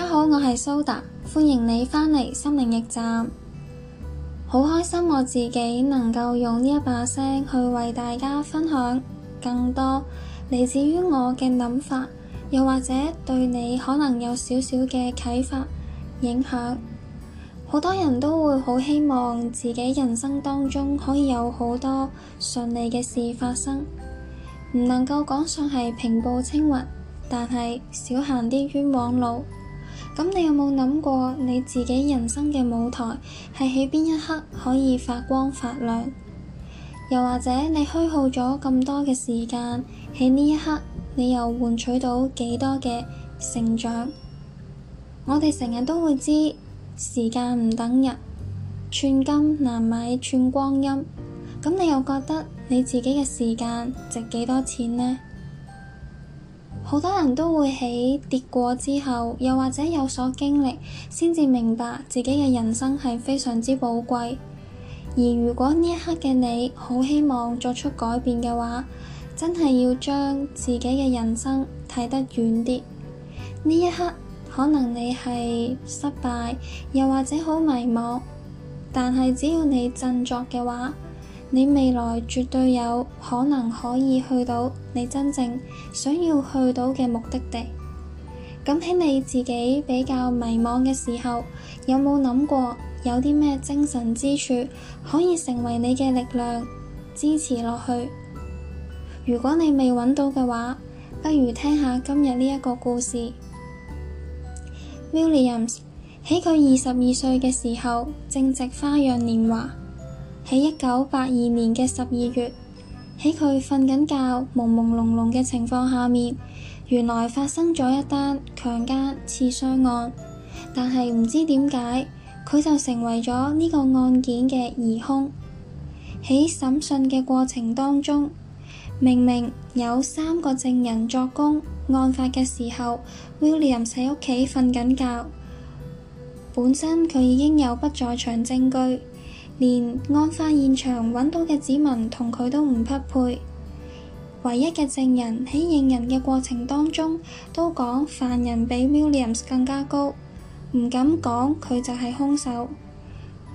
大家好，我係蘇達，歡迎你返嚟心靈驛站。好開心我自己能夠用呢一把聲去為大家分享更多嚟自於我嘅諗法，又或者對你可能有少少嘅啟發影響。好多人都會好希望自己人生當中可以有好多順利嘅事發生，唔能夠講上係平步青雲，但係少行啲冤枉路。咁你有冇諗過你自己人生嘅舞台係喺邊一刻可以發光發亮？又或者你虛耗咗咁多嘅時間，喺呢一刻你又換取到幾多嘅成長？我哋成日都會知時間唔等人，寸金難買寸光陰。咁你又覺得你自己嘅時間值幾多錢呢？好多人都會喺跌過之後，又或者有所經歷，先至明白自己嘅人生係非常之寶貴。而如果呢一刻嘅你好希望作出改變嘅話，真係要將自己嘅人生睇得遠啲。呢一刻可能你係失敗，又或者好迷茫，但係只要你振作嘅話，你未來絕對有可能可以去到你真正想要去到嘅目的地。咁喺你自己比較迷茫嘅時候，有冇諗過有啲咩精神支柱可以成為你嘅力量，支持落去？如果你未揾到嘅話，不如聽下今日呢一個故事。Millie James 喺佢二十二歲嘅時候，正值花樣年華。喺一九八二年嘅十二月，喺佢瞓緊覺、朦朦朧朧嘅情況下面，原來發生咗一單強奸刺傷案，但係唔知點解佢就成為咗呢個案件嘅疑凶。喺審訊嘅過程當中，明明有三個證人作供，案發嘅時候 William 喺屋企瞓緊覺，本身佢已經有不在場證據。連案發現場揾到嘅指紋同佢都唔匹配，唯一嘅證人喺認人嘅過程當中都講犯人比 Williams 更加高，唔敢講佢就係兇手。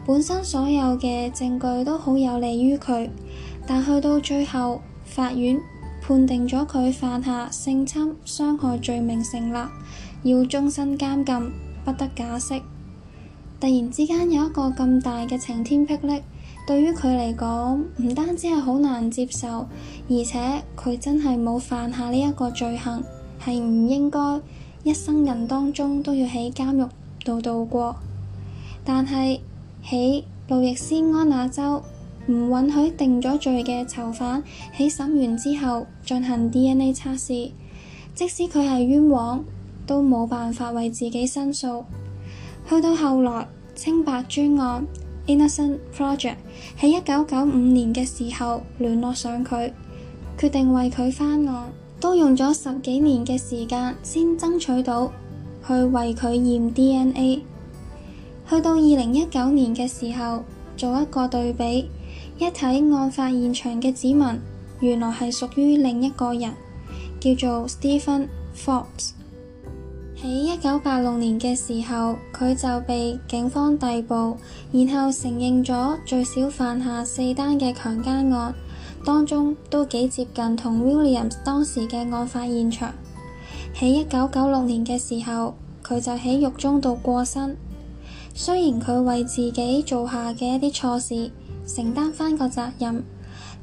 本身所有嘅證據都好有利於佢，但去到最後法院判定咗佢犯下性侵、傷害罪名成立，要終身監禁，不得假釋。突然之間有一個咁大嘅晴天霹靂，對於佢嚟講，唔單止係好難接受，而且佢真係冇犯下呢一個罪行，係唔應該一生人當中都要喺監獄度度過。但係喺路易斯安那州，唔允許定咗罪嘅囚犯喺審完之後進行 DNA 測試，即使佢係冤枉，都冇辦法為自己申訴。去到後來。清白專案 （Innocent Project） 喺一九九五年嘅時候聯絡上佢，決定為佢翻案，都用咗十幾年嘅時間先爭取到去為佢驗 DNA。去到二零一九年嘅時候，做一個對比，一睇案發現場嘅指紋，原來係屬於另一個人，叫做 Stephen Fox。喺一九八六年嘅時候，佢就被警方逮捕，然後承認咗最少犯下四單嘅強姦案，當中都幾接近同 Williams 當時嘅案發現場。喺一九九六年嘅時候，佢就喺獄中度過身，雖然佢為自己做下嘅一啲錯事承擔翻個責任。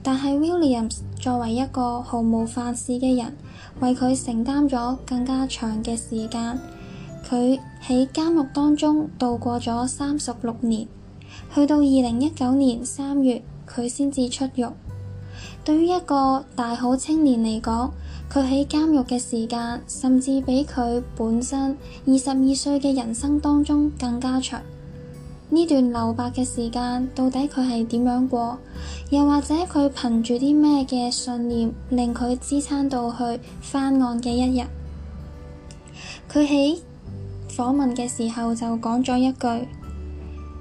但係 Williams 作為一個毫無犯事嘅人，為佢承擔咗更加長嘅時間。佢喺監獄當中度過咗三十六年，去到二零一九年三月，佢先至出獄。對於一個大好青年嚟講，佢喺監獄嘅時間，甚至比佢本身二十二歲嘅人生當中更加長。呢段留白嘅時間，到底佢係點樣過？又或者佢憑住啲咩嘅信念，令佢支撐到去翻案嘅一日？佢喺訪問嘅時候就講咗一句：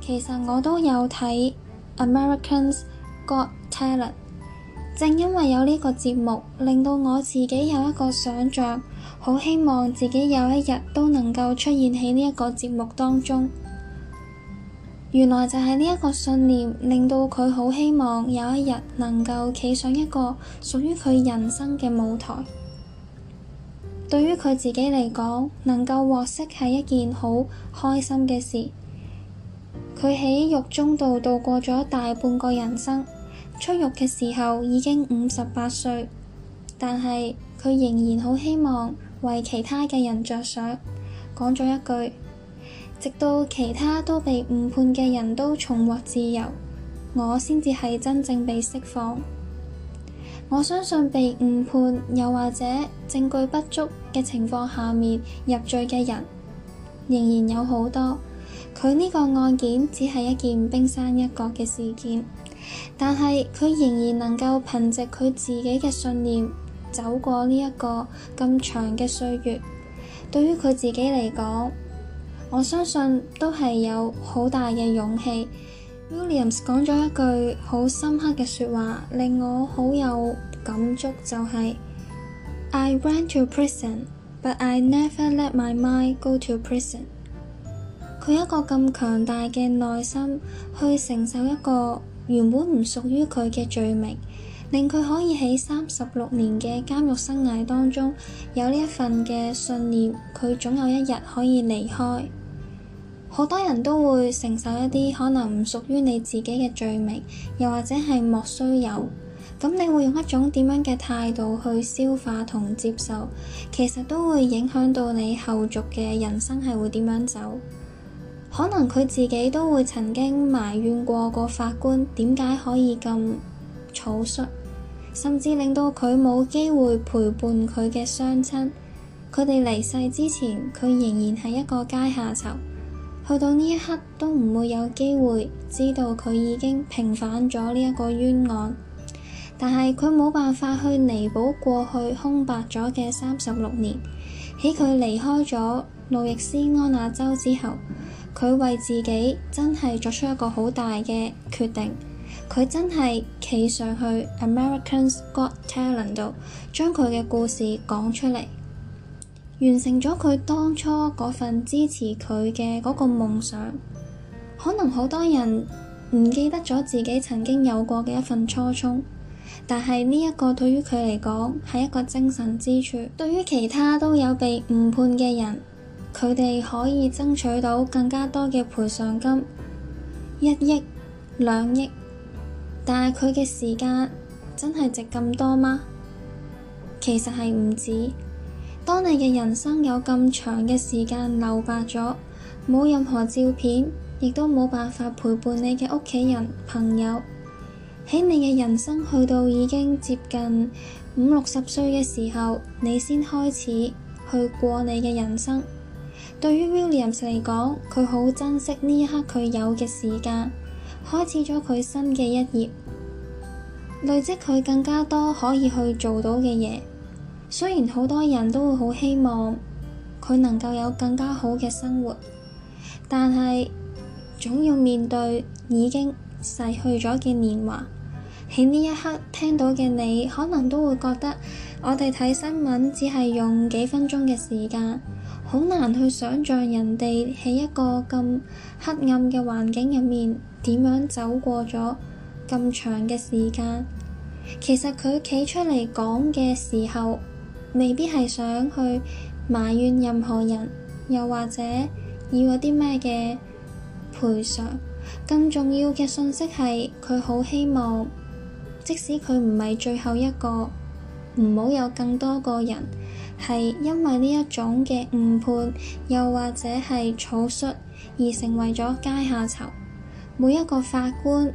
其實我都有睇《Americans Got Talent》，正因為有呢個節目，令到我自己有一個想像，好希望自己有一日都能夠出現喺呢一個節目當中。原來就係呢一個信念，令到佢好希望有一日能夠企上一個屬於佢人生嘅舞台。對於佢自己嚟講，能夠獲釋係一件好開心嘅事。佢喺獄中度度過咗大半個人生，出獄嘅時候已經五十八歲，但係佢仍然好希望為其他嘅人着想，講咗一句。直到其他都被誤判嘅人都重獲自由，我先至係真正被釋放。我相信被誤判又或者證據不足嘅情況下面入罪嘅人，仍然有好多。佢呢個案件只係一件冰山一角嘅事件，但係佢仍然能夠憑借佢自己嘅信念，走過呢一個咁長嘅歲月。對於佢自己嚟講，我相信都係有好大嘅勇氣。Williams 講咗一句好深刻嘅說話，令我好有感觸，就係、是、I ran to prison，but I never let my mind go to prison。佢一個咁強大嘅內心去承受一個原本唔屬於佢嘅罪名，令佢可以喺三十六年嘅監獄生涯當中有呢一份嘅信念，佢總有一日可以離開。好多人都會承受一啲可能唔屬於你自己嘅罪名，又或者係莫須有。咁你會用一種點樣嘅態度去消化同接受，其實都會影響到你後續嘅人生係會點樣走。可能佢自己都會曾經埋怨過個法官點解可以咁草率，甚至令到佢冇機會陪伴佢嘅雙親。佢哋離世之前，佢仍然係一個階下囚。去到呢一刻都唔會有機會知道佢已經平反咗呢一個冤案，但係佢冇辦法去彌補過去空白咗嘅三十六年。喺佢離開咗路易斯安那州之後，佢為自己真係作出一個好大嘅決定，佢真係企上去《America's Got Talent》度將佢嘅故事講出嚟。完成咗佢當初嗰份支持佢嘅嗰個夢想，可能好多人唔記得咗自己曾經有過嘅一份初衷，但係呢一個對於佢嚟講係一個精神支柱。對於其他都有被誤判嘅人，佢哋可以爭取到更加多嘅賠償金，一億、兩億，但係佢嘅時間真係值咁多嗎？其實係唔止。當你嘅人生有咁長嘅時間留白咗，冇任何照片，亦都冇辦法陪伴你嘅屋企人、朋友。喺你嘅人生去到已經接近五六十歲嘅時候，你先開始去過你嘅人生。對於 Williams 嚟講，佢好珍惜呢一刻佢有嘅時間，開始咗佢新嘅一頁，累積佢更加多可以去做到嘅嘢。雖然好多人都會好希望佢能夠有更加好嘅生活，但係總要面對已經逝去咗嘅年華。喺呢一刻聽到嘅你，可能都會覺得我哋睇新聞只係用幾分鐘嘅時間，好難去想像人哋喺一個咁黑暗嘅環境入面點樣走過咗咁長嘅時間。其實佢企出嚟講嘅時候，未必係想去埋怨任何人，又或者要嗰啲咩嘅賠償。更重要嘅信息係佢好希望，即使佢唔係最後一個，唔好有更多個人係因為呢一種嘅誤判，又或者係草率而成為咗階下囚。每一個法官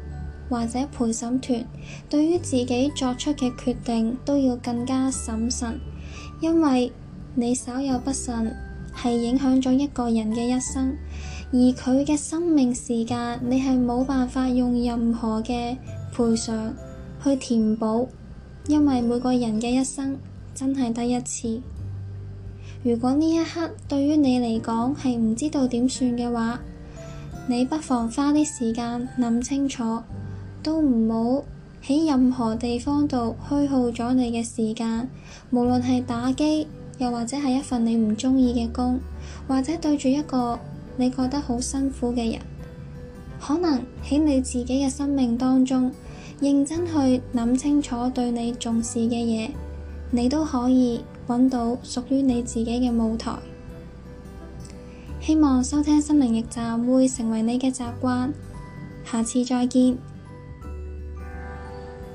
或者陪審團對於自己作出嘅決定都要更加審慎。因為你稍有不慎，係影響咗一個人嘅一生，而佢嘅生命時間，你係冇辦法用任何嘅賠償去填補，因為每個人嘅一生真係得一次。如果呢一刻對於你嚟講係唔知道點算嘅話，你不妨花啲時間諗清楚，都唔好，喺任何地方度虛耗咗你嘅時間，無論係打機，又或者係一份你唔鍾意嘅工，或者對住一個你覺得好辛苦嘅人，可能喺你自己嘅生命當中，認真去諗清楚對你重視嘅嘢，你都可以揾到屬於你自己嘅舞台。希望收聽心靈驛站會成為你嘅習慣，下次再見。